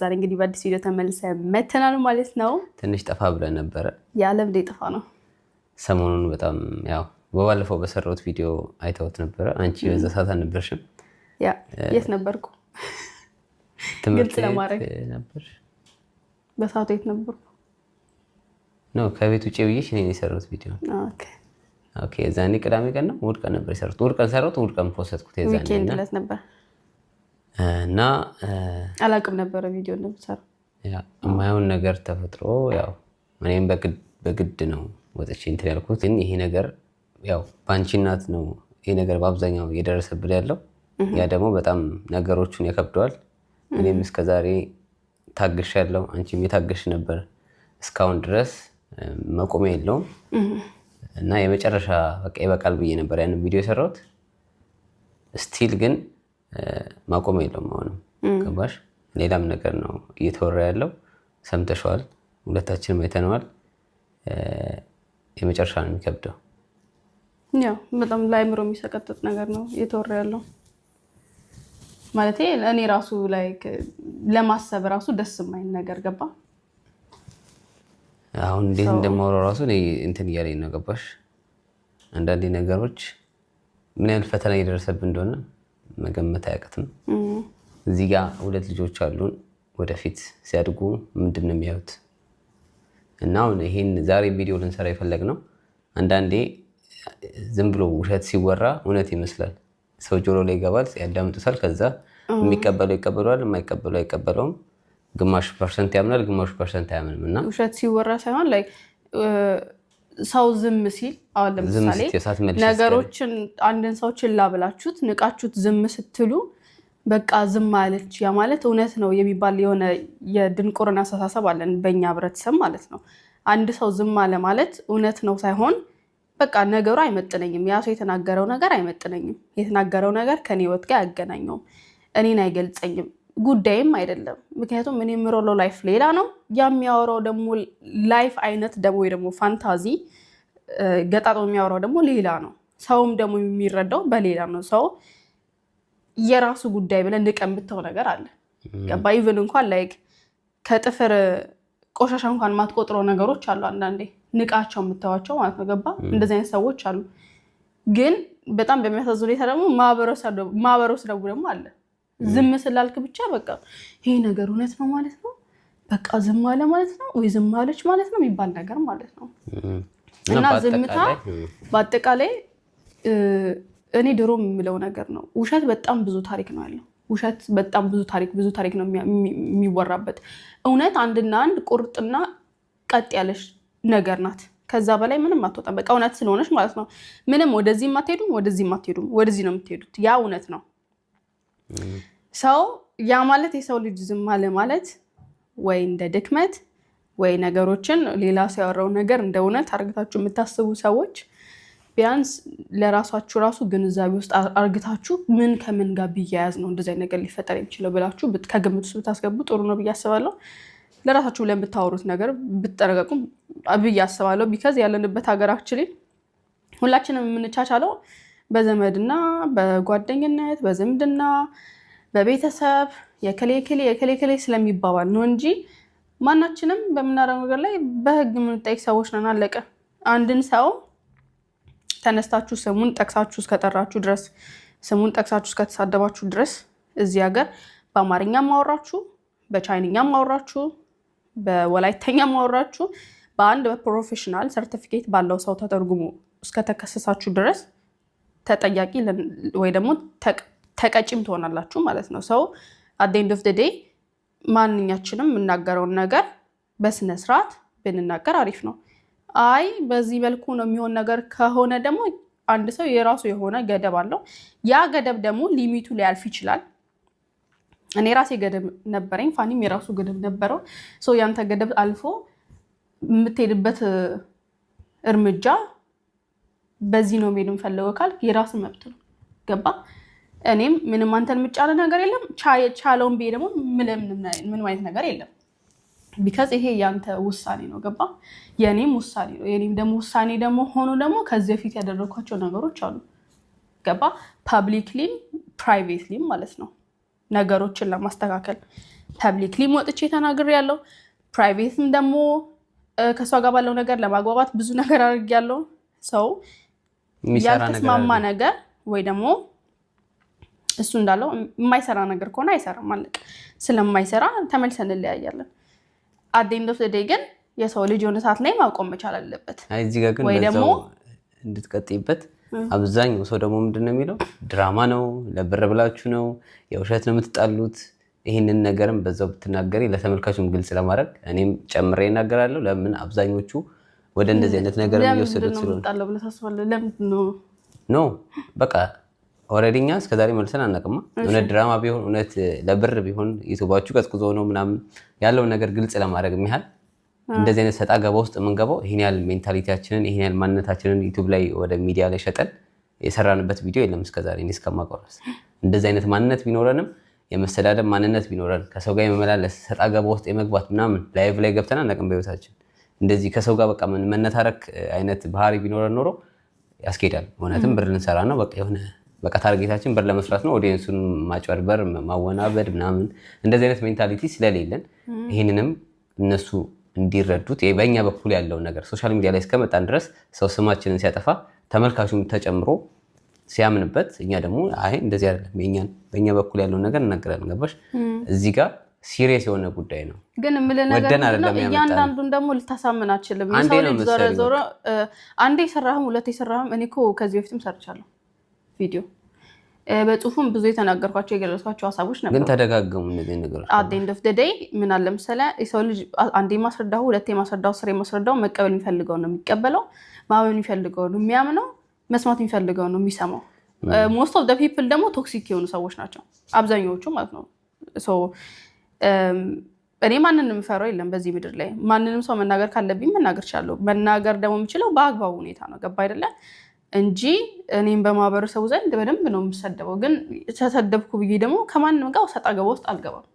ዛሬ እንግዲህ በአዲስ ቪዲዮ ተመልሰ መተናል ማለት ነው። ትንሽ ጠፋ ብለ ነበረ። የዓለም ላይ ጠፋ ነው። ሰሞኑን በጣም ያው በባለፈው በሰራሁት ቪዲዮ አይተውት ነበረ። አንቺ በዛ ሰዓት አልነበርሽም። የት ነበርኩ? ትምህርት ለማድረግ ነበር። በሰዓቱ የት ነበርኩ? ከቤት ውጭ ብዬሽ እኔ የሰራሁት ቪዲዮ ዛኔ ቅዳሜ ቀን ነው እሑድ ቀን ነበር የሰራሁት። እሑድ ቀን ሰራሁት፣ እሑድ ቀን ፖስትኩት። ዛኔ ዊኬንድ ነበር እና አላቅም ነበረ ቪዲዮ እንደምሰራ የማየውን ነገር ተፈጥሮ ያው እኔም በግድ ነው ወጥቼ እንትን ያልኩት። ግን ይሄ ነገር ያው በአንቺ እናት ነው ይሄ ነገር በአብዛኛው እየደረሰብን ያለው። ያ ደግሞ በጣም ነገሮቹን ያከብደዋል። እኔም እስከዛሬ ታግሽ ያለው አንቺም የታገሽ ነበር እስካሁን ድረስ መቆሚያ የለውም እና የመጨረሻ በቃ ይበቃል ብዬ ነበር ያንን ቪዲዮ የሰራሁት ስቲል ግን ማቆም የለውም። አሁንም ገባሽ ሌላም ነገር ነው እየተወራ ያለው ሰምተሸዋል። ሁለታችንም አይተነዋል። የመጨረሻ ነው የሚከብደው። ያው በጣም ለአይምሮ የሚሰቀጥጥ ነገር ነው እየተወራ ያለው። ማለት እኔ ራሱ ላይ ለማሰብ ራሱ ደስ የማይል ነገር ገባ። አሁን እንዴት እንደማወራው ራሱ እንትን እያለኝ ነው ገባሽ። አንዳንዴ ነገሮች ምን ያህል ፈተና እየደረሰብን እንደሆነ መገመት አያውቅትም። እዚህ ጋ ሁለት ልጆች አሉን። ወደፊት ሲያድጉ ምንድን ነው የሚያዩት? እና አሁን ይሄን ዛሬ ቪዲዮ ልንሰራ የፈለግነው አንዳንዴ ዝም ብሎ ውሸት ሲወራ እውነት ይመስላል። ሰው ጆሮ ላይ ይገባል፣ ያዳምጡታል። ከዛ የሚቀበለው ይቀበለዋል፣ የማይቀበለው አይቀበለውም። ግማሽ ፐርሰንት ያምናል፣ ግማሽ ፐርሰንት አያምንም። እና ውሸት ሲወራ ሳይሆን ሰው ዝም ሲል አሁን ለምሳሌ ነገሮችን አንድን ሰው ችላ ብላችሁት ንቃችሁት ዝም ስትሉ በቃ ዝም አለች፣ ያ ማለት እውነት ነው የሚባል የሆነ የድንቁርና አስተሳሰብ አለን በእኛ ህብረተሰብ ማለት ነው። አንድ ሰው ዝም አለ ማለት እውነት ነው ሳይሆን በቃ ነገሩ አይመጥነኝም፣ ያ ሰው የተናገረው ነገር አይመጥነኝም፣ የተናገረው ነገር ከኔ ህይወት ጋር አያገናኘውም፣ እኔን አይገልጸኝም ጉዳይም አይደለም። ምክንያቱም እኔ የምሮለው ላይፍ ሌላ ነው፣ ያ የሚያወራው ደግሞ ላይፍ አይነት ደግሞ ወይ ደግሞ ፋንታዚ ገጣጦ የሚያወራው ደግሞ ሌላ ነው። ሰውም ደግሞ የሚረዳው በሌላ ነው። ሰው የራሱ ጉዳይ ብለን ንቀን ነገር አለ ገባ ኢቨን እንኳን ላይክ ከጥፍር ቆሻሻ እንኳን ማትቆጥረው ነገሮች አሉ። አንዳንዴ ንቃቸው የምታዋቸው ማለት ነው። ገባ እንደዚህ አይነት ሰዎች አሉ። ግን በጣም በሚያሳዝን ሁኔታ ደግሞ ማህበረሰቡ ደግሞ አለ ዝም ስላልክ ብቻ በቃ ይሄ ነገር እውነት ነው ማለት ነው፣ በቃ ዝም አለ ማለት ነው ወይ ዝም አለች ማለት ነው የሚባል ነገር ማለት ነው። እና ዝምታ በአጠቃላይ እኔ ድሮ የምለው ነገር ነው። ውሸት በጣም ብዙ ታሪክ ነው ያለው። ውሸት በጣም ብዙ ታሪክ ብዙ ታሪክ ነው የሚወራበት። እውነት አንድና አንድ ቁርጥና ቀጥ ያለች ነገር ናት። ከዛ በላይ ምንም አትወጣም። በቃ እውነት ስለሆነች ማለት ነው። ምንም ወደዚህ አትሄዱም፣ ወደዚህ አትሄዱም፣ ወደዚህ ነው የምትሄዱት። ያ እውነት ነው። ሰው ያ ማለት የሰው ልጅ ዝም አለ ማለት ወይ እንደ ድክመት ወይ ነገሮችን ሌላ ሰው ያወራው ነገር እንደ እውነት አርግታችሁ የምታስቡ ሰዎች ቢያንስ ለራሳችሁ ራሱ ግንዛቤ ውስጥ አርግታችሁ ምን ከምን ጋር ቢያያዝ ነው እንደዚ ነገር ሊፈጠር የሚችለው ብላችሁ ከግምት ውስጥ ብታስገቡ ጥሩ ነው ብዬ አስባለሁ። ለራሳችሁ ብለን የምታወሩት ነገር ብትጠረቀቁ ብዬ አስባለሁ። ቢከዝ ያለንበት ሀገራችን ሁላችንም የምንቻቻለው በዘመድና በጓደኝነት በዝምድና በቤተሰብ የከሌከሌ የከሌከሌ ስለሚባባል ነው እንጂ ማናችንም በምናረው ነገር ላይ በህግ የምንጠይቅ ሰዎች ነን። አለቀ። አንድን ሰው ተነስታችሁ ስሙን ጠቅሳችሁ እስከጠራችሁ ድረስ ስሙን ጠቅሳችሁ እስከተሳደባችሁ ድረስ እዚህ ሀገር በአማርኛም ማወራችሁ፣ በቻይንኛም ማወራችሁ፣ በወላይተኛም ማወራችሁ በአንድ በፕሮፌሽናል ሰርቲፊኬት ባለው ሰው ተተርጉሞ እስከተከሰሳችሁ ድረስ ተጠያቂ ወይ ደግሞ ተቀጭም ትሆናላችሁ ማለት ነው። ሰው አት ኦፍ ዴይ ማንኛችንም የምናገረውን ነገር በስነ ስርዓት ብንናገር አሪፍ ነው። አይ በዚህ መልኩ ነው የሚሆን ነገር ከሆነ ደግሞ አንድ ሰው የራሱ የሆነ ገደብ አለው። ያ ገደብ ደግሞ ሊሚቱ ሊያልፍ ይችላል። እኔ ራሴ ገደብ ነበረኝ፣ ፋኒም የራሱ ገደብ ነበረው። ሰው ያንተ ገደብ አልፎ የምትሄድበት እርምጃ በዚህ ነው መሄድ የምፈልገው ካልክ የራስ መብት ነው። ገባ? እኔም ምንም አንተን የምጫለ ነገር የለም። ቻለውን ብዬ ደግሞ ምንም አይነት ነገር የለም። ቢካዝ ይሄ ያንተ ውሳኔ ነው። ገባ? የእኔም ውሳኔ ነው። የእኔም ደግሞ ውሳኔ ደግሞ ሆኖ ደግሞ ከዚህ በፊት ያደረግኳቸው ነገሮች አሉ። ገባ? ፐብሊክሊም ፕራይቬትሊም ማለት ነው ነገሮችን ለማስተካከል ፐብሊክሊም ወጥቼ ተናግሬ ያለው ፕራይቬትም ደግሞ ከእሷ ጋር ባለው ነገር ለማግባባት ብዙ ነገር አድርጌያለሁ ሰው ያልተስማማ ነገር ወይ ደግሞ እሱ እንዳለው የማይሰራ ነገር ከሆነ አይሰራም ማለት ስለማይሰራ ተመልሰን እንለያያለን። አት ኤንድ ኦፍ ዴይ ግን የሰው ልጅ የሆነ ሰዓት ላይ ማቆም መቻል አለበት። እዚህ ጋር ግን ደግሞ እንድትቀጥይበት አብዛኛው ሰው ደግሞ ምንድን ነው የሚለው ድራማ ነው፣ ለብር ብላችሁ ነው፣ የውሸት ነው የምትጣሉት። ይህንን ነገርም በዛው ብትናገሪ ለተመልካቹም ግልጽ ለማድረግ እኔም ጨምሬ ይናገራለሁ። ለምን አብዛኞቹ ወደ እንደዚህ አይነት ነገር እየወሰዱት ኖ በቃ ኦልሬዲ እኛ እስከዛሬ መልሰን አናውቅማ። እውነት ድራማ ቢሆን እውነት ለብር ቢሆን ዩቱባችሁ ቀዝቅዞ ነው ምናምን ያለውን ነገር ግልጽ ለማድረግ ያህል እንደዚህ አይነት ሰጣ ገባ ውስጥ የምንገባው ይህን ያህል ሜንታሊቲያችንን ይህን ያህል ማንነታችንን ዩቱብ ላይ ወደ ሚዲያ ላይ ሸጠን የሰራንበት ቪዲዮ የለም እስከዛሬ እኔ እስከማቆረስ እንደዚህ አይነት ማንነት ቢኖረንም የመሰዳደብ ማንነት ቢኖረን ከሰው ጋር የመመላለስ ሰጣ ገባ ውስጥ የመግባት ምናምን ላይቭ ላይ ገብተን አናውቅም በህይወታችን እንደዚህ ከሰው ጋር በቃ መነታረክ አይነት ባህሪ ቢኖረን ኖሮ ያስኬዳል። እውነትም ብር ልንሰራ ነው። በቃ የሆነ በቃ ታርጌታችን ብር ለመስራት ነው። ኦዲየንሱን ማጭበርበር፣ ማወናበድ ምናምን እንደዚህ አይነት ሜንታሊቲ ስለሌለን ይህንንም እነሱ እንዲረዱት በእኛ በኩል ያለውን ነገር ሶሻል ሚዲያ ላይ እስከመጣን ድረስ ሰው ስማችንን ሲያጠፋ ተመልካቹም ተጨምሮ ሲያምንበት እኛ ደግሞ አይ እንደዚህ አይደለም በእኛ በኩል ያለውን ነገር እናገራለን። ገባሽ እዚህ ጋር ሲሪየስ የሆነ ጉዳይ ነው። ግን የምልህ ነገር ነው፣ እያንዳንዱን ደግሞ ልታሳምን አችልም። የሰው ልጅ አንዴ የሰራህም ሁለት የሰራህም እኔ እኮ ከዚህ በፊትም ሰርቻለሁ ቪዲዮ በጽሁፉም ብዙ የተናገርኳቸው የገለጽኳቸው ሀሳቦች ነበሩ፣ ግን ተደጋገሙ እነዚህ ነገሮች። አዴንድ ኦፍ ደይ ምን አለ መሰለህ የሰው ልጅ አንዴ ማስረዳሁ፣ ሁለቴ የማስረዳው ስር የማስረዳው መቀበል የሚፈልገው ነው የሚቀበለው፣ ማመን የሚፈልገው ነው የሚያምነው፣ መስማት የሚፈልገው ነው የሚሰማው። ሞስት ኦፍ ደ ፒፕል ደግሞ ቶክሲክ የሆኑ ሰዎች ናቸው አብዛኛዎቹ ማለት ነው። እኔ ማንንም ፈረው የለም በዚህ ምድር ላይ ማንንም ሰው መናገር ካለብኝ መናገር ቻለሁ። መናገር ደግሞ የምችለው በአግባቡ ሁኔታ ነው። ገባ አይደለ እንጂ እኔም በማህበረሰቡ ዘንድ በደንብ ነው የምሰደበው። ግን ተሰደብኩ ብዬ ደግሞ ከማንም ጋር ሰጣ ገባ ውስጥ አልገባም።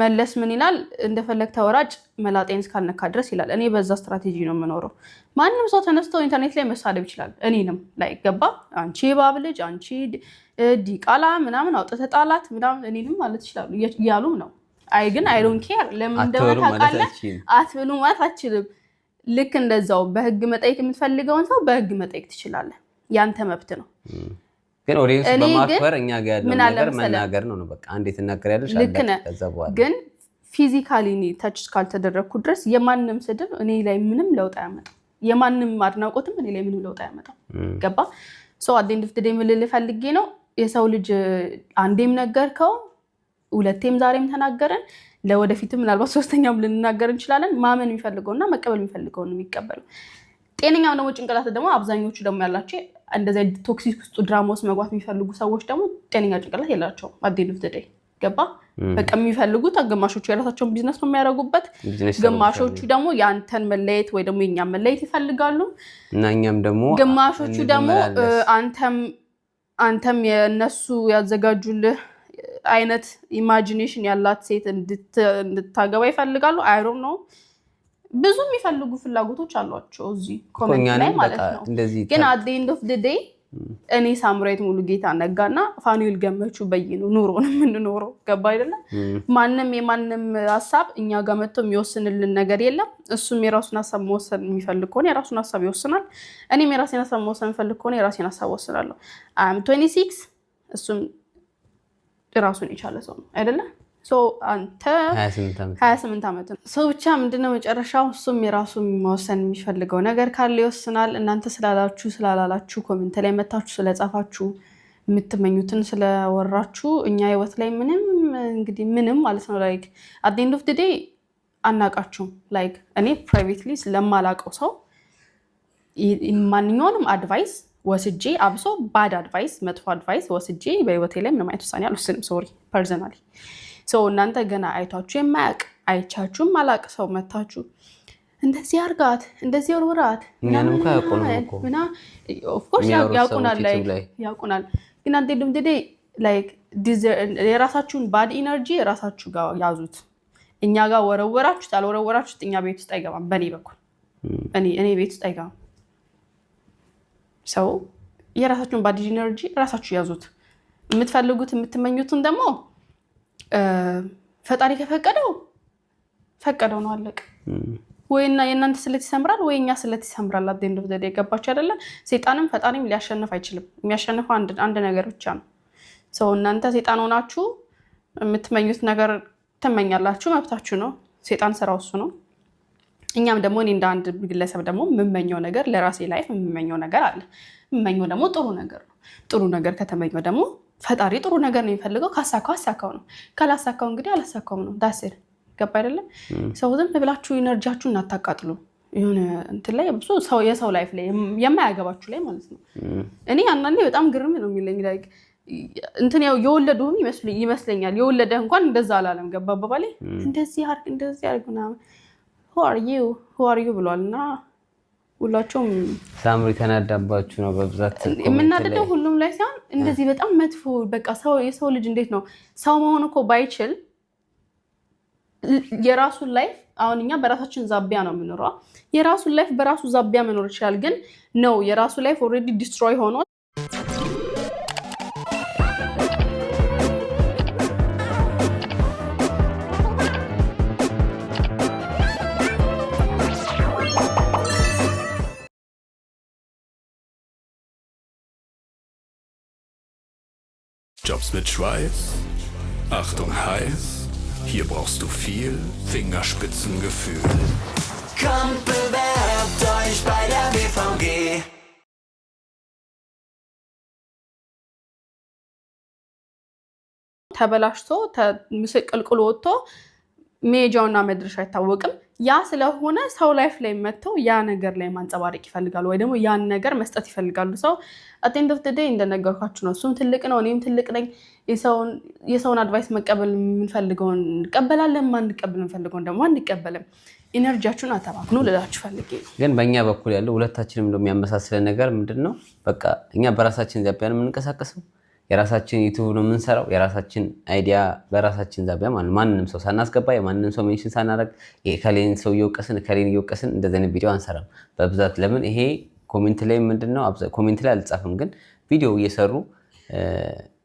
መለስ ምን ይላል? እንደፈለግ ተወራጭ መላጤን እስካልነካ ድረስ ይላል። እኔ በዛ ስትራቴጂ ነው የምኖረው። ማንም ሰው ተነስቶ ኢንተርኔት ላይ መሳደብ ይችላል። እኔንም ላይ ገባ አንቺ የባብ ልጅ አንቺ ዲቃላ ምናምን አውጥተ ጣላት ምናምን እኔንም ማለት ይችላሉ እያሉም ነው አይ ግን አይ ዶንት ኬር ለምን እንደሆነ ታውቃለህ። አትብሉ ማለት አችልም። ልክ እንደዛው በህግ መጠየቅ የምትፈልገውን ሰው በህግ መጠየቅ ትችላለህ። ያንተ መብት ነው። ግን ኦዲየንስ በማክበር እኛ ጋር ያለው ነገር መናገር ነው ነው በቃ አንዴ ትናገሪያለሽ። ልክ ነህ። ግን ፊዚካሊ ታች ካልተደረግኩ ድረስ የማንም ስድብ እኔ ላይ ምንም ለውጥ አያመጣም። የማንም አድናቆትም እኔ ላይ ምንም ለውጥ አያመጣም። ገባ ሰው አዴንድፍትዴ ምልል ፈልጌ ነው የሰው ልጅ አንዴም ነገርከው ሁለቴም ዛሬም ተናገረን፣ ለወደፊትም ምናልባት ሶስተኛም ልንናገር እንችላለን። ማመን የሚፈልገውና መቀበል የሚፈልገውን የሚቀበለው ጤነኛም ደግሞ ጭንቅላት ደግሞ አብዛኞቹ ደግሞ ያላቸው እንደዚ ቶክሲክ ውስጡ ድራማ ውስጥ መግባት የሚፈልጉ ሰዎች ደግሞ ጤነኛ ጭንቅላት የላቸውም። አዴሉት ደይ ገባ በቃ የሚፈልጉት ግማሾቹ የራሳቸውን ቢዝነስ ነው የሚያደርጉበት፣ ግማሾቹ ደግሞ የአንተን መለየት ወይ ደግሞ የኛ መለየት ይፈልጋሉ። እና እኛም ደግሞ ግማሾቹ ደግሞ አንተም አንተም የእነሱ ያዘጋጁልህ አይነት ኢማጂኔሽን ያላት ሴት እንድታገባ ይፈልጋሉ። አይሮም ነው ብዙ የሚፈልጉ ፍላጎቶች አሏቸው እዚህ ኮሜንት ላይ ማለት ነው። ግን አት ኤንድ ኦፍ ዴይ እኔ ሳምራዊት ነጋ እና ፋኑኤል ገመቹ በይ ነው ኑሮን የምንኖረው። ገባ አይደለም? ማንም የማንም ሀሳብ እኛ ጋር መጥቶ የሚወስንልን ነገር የለም። እሱም የራሱን ሀሳብ መወሰን የሚፈልግ ከሆነ የራሱን ሀሳብ ይወስናል። እኔም የራሴን ሀሳብ መወሰን የሚፈልግ ከሆነ የራሴን ሀሳብ ወስናለሁ። አም 26 እሱም ራሱን የቻለ ሰው ነው አይደለ? አንተ ሀያ ስምንት ዓመት ነው ሰው ብቻ ምንድነው መጨረሻው? እሱም የራሱ መወሰን የሚፈልገው ነገር ካለ ይወስናል። እናንተ ስላላችሁ ስላላላችሁ ኮሜንት ላይ መታችሁ ስለጻፋችሁ የምትመኙትን ስለወራችሁ እኛ ህይወት ላይ ምንም እንግዲህ ምንም ማለት ነው ላይክ አት ኤንድ ኦፍ ዴይ አናቃችሁም። ላይክ እኔ ፕራይቬትሊ ስለማላቀው ሰው ማንኛውንም አድቫይስ ወስጄ አብሶ ባድ አድቫይስ መጥፎ አድቫይስ ወስጄ በህይወቴ ላይ ምንም አይነት ውሳኔ አልወስንም። ሶሪ ፐርሰናሊ ሰው እናንተ ገና አይቷችሁ የማያውቅ አይቻችሁም አላቅ ሰው መታችሁ እንደዚህ አርጋት እንደዚህ ወርውራት ኦፍኮርስ ያውቁናል፣ ግን አንዴ ድምድዴ የራሳችሁን ባድ ኢነርጂ የራሳችሁ ጋር ያዙት። እኛ ጋር ወረወራችሁት አልወረወራችሁት እኛ ቤት ውስጥ አይገባም። በእኔ በኩል እኔ ቤት ውስጥ አይገባም። ሰው የራሳችሁን ባዲ ኢነርጂ ራሳችሁ ያዙት። የምትፈልጉት የምትመኙትን ደግሞ ፈጣሪ ከፈቀደው ፈቀደው ነው አለቅ። ወይና የእናንተ ስለት ይሰምራል ወይ እኛ ስለት ይሰምራል። አደንዶ ዘዴ የገባችሁ አይደለ? ሴጣንም ፈጣሪም ሊያሸንፍ አይችልም። የሚያሸንፈው አንድ ነገር ብቻ ነው። ሰው እናንተ ሴጣን ሆናችሁ የምትመኙት ነገር ትመኛላችሁ፣ መብታችሁ ነው። ሴጣን ስራው እሱ ነው። እኛም ደግሞ እኔ እንደ አንድ ግለሰብ ደግሞ የምመኘው ነገር ለራሴ ላይፍ የምመኘው ነገር አለ። የምመኘው ደግሞ ጥሩ ነገር ነው። ጥሩ ነገር ከተመኘው ደግሞ ፈጣሪ ጥሩ ነገር ነው የሚፈልገው። ካሳካው አሳካው ነው፣ ካላሳካው እንግዲህ አላሳካውም ነው። ዳስር ገባ አይደለም? ሰው ዝም ብላችሁ ኢነርጂያችሁ እናታቃጥሉ። የሆነ እንትን ላይ ብዙ የሰው ላይፍ ላይ የማያገባችሁ ላይ ማለት ነው። እኔ አንዳንዴ በጣም ግርም ነው የሚለኝ ላይ እንትን ያው የወለዱ ይመስለኛል። የወለደ እንኳን እንደዛ አላለም። ገባ አባባሌ እንደዚህ አርግ እንደዚህ አርግ ምናምን ሁአርዩ ሁአርዩ ብሏል እና ሁላቸውም ሳምሪ ተናዳባችሁ ነው በብዛት የምናደደው ሁሉም ላይ ሳይሆን እንደዚህ በጣም መጥፎ በቃ ሰው የሰው ልጅ እንዴት ነው ሰው መሆን እኮ ባይችል የራሱን ላይፍ አሁን እኛ በራሳችን ዛቢያ ነው የምኖረው። የራሱን ላይፍ በራሱ ዛቢያ መኖር ይችላል። ግን ነው የራሱ ላይፍ ኦልሬዲ ዲስትሮይ ሆኖ Workshops mit Schweiß. Achtung heiß, hier brauchst du viel Fingerspitzengefühl. Kommt, bewerbt euch bei der BVG. ተበላሽቶ ምስቅልቅል ወጥቶ ሜጃውና መድረሻ አይታወቅም። ያ ስለሆነ ሰው ላይፍ ላይ መጥተው ያ ነገር ላይ ማንጸባረቅ ይፈልጋሉ፣ ወይ ደግሞ ያን ነገር መስጠት ይፈልጋሉ። ሰው አቴንድ ኦፍ ደይ እንደነገርኳችሁ ነው። እሱም ትልቅ ነው፣ እኔም ትልቅ ነኝ። የሰውን አድቫይስ መቀበል የምንፈልገውን እንቀበላለን፣ ማንቀበል የምንፈልገውን ደግሞ አንቀበልም። ኢነርጂያችሁን አተባክኑ ልላችሁ ፈልጌ ነው። ግን በእኛ በኩል ያለው ሁለታችንም የሚያመሳስለን ነገር ምንድን ነው? በቃ እኛ በራሳችን ዚያቢያን የምንንቀሳቀሰው የራሳችን ዩቱብ ነው የምንሰራው። የራሳችን አይዲያ በራሳችን ዛቢያ ማለት ማንንም ሰው ሳናስገባ የማንንም ሰው ሜንሽን ሳናደርግ ከሌን ሰው እየወቀስን ከሌን እየወቀስን እንደዚህ አይነት ቪዲዮ አንሰራም በብዛት። ለምን ይሄ ኮሜንት ላይ ምንድን ነው ኮሜንት ላይ አልጻፍም፣ ግን ቪዲዮ እየሰሩ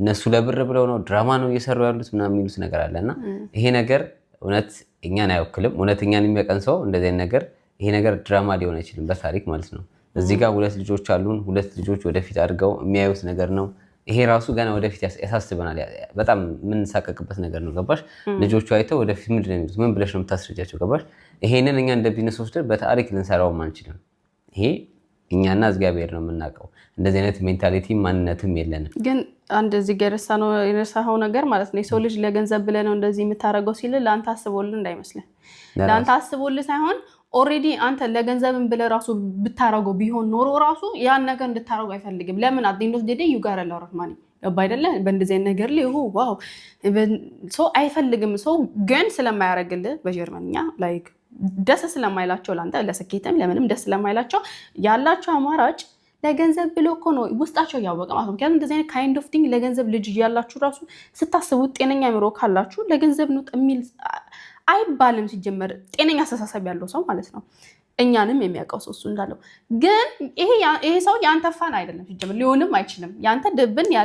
እነሱ ለብር ብለው ነው ድራማ ነው እየሰሩ ያሉት ምናምን የሚሉት ነገር አለ እና ይሄ ነገር እውነት እኛን አይወክልም። እውነት እኛን የሚያቀን ሰው እንደዚህ ነገር ይሄ ነገር ድራማ ሊሆን አይችልም በታሪክ ማለት ነው። እዚህ ጋር ሁለት ልጆች አሉን። ሁለት ልጆች ወደፊት አድርገው የሚያዩት ነገር ነው። ይሄ ራሱ ገና ወደፊት ያሳስበናል። በጣም የምንሳቀቅበት ነገር ነው። ገባሽ? ልጆቹ አይተው ወደፊት ምንድን ነው የሚሉት? ምን ብለሽ ነው የምታስረጃቸው? ገባሽ? ይሄንን እኛ እንደ ቢዝነስ ወስደን በታሪክ ልንሰራውም አንችልም። ይሄ እኛና እግዚአብሔር ነው የምናውቀው። እንደዚህ አይነት ሜንታሊቲ ማንነትም የለንም። ግን አንድ እዚህ ነው የረሳኸው ነገር ማለት ነው የሰው ልጅ ለገንዘብ ብለህ ነው እንደዚህ የምታደርገው ሲል ለአንተ አስቦልህ እንዳይመስልህ ለአንተ አስቦልህ ሳይሆን ኦሬዲ አንተ ለገንዘብን ብለ ራሱ ብታረገው ቢሆን ኖሮ ራሱ ያን ነገር እንድታረገው አይፈልግም። ለምን አዲንዶስ ዴዴ ዩጋር ላውረት ማ ገባ አይደለ? በእንደዚህ ነገር ላይ ይሁ ዋው ሰው አይፈልግም። ሰው ግን ስለማያደርግል በጀርመንኛ ላይክ ደስ ስለማይላቸው ለአንተ ለስኬትም ለምንም ደስ ስለማይላቸው ያላቸው አማራጭ ለገንዘብ ብሎ እኮ ነው ውስጣቸው እያወቀ ማለት ምክንያቱ እንደዚህ አይነት ካይንድ ኦፍ ቲንግ ለገንዘብ ልጅ እያላችሁ ራሱ ስታስቡ ጤነኛ አእምሮ ካላችሁ ለገንዘብ ነው የሚል አይባልም ሲጀመር ጤነኛ አስተሳሰብ ያለው ሰው ማለት ነው። እኛንም የሚያውቀው ሰው እሱ እንዳለው ግን ይሄ ሰው የአንተ ፋን አይደለም ሲጀመር ሊሆንም አይችልም። የአንተ ድብን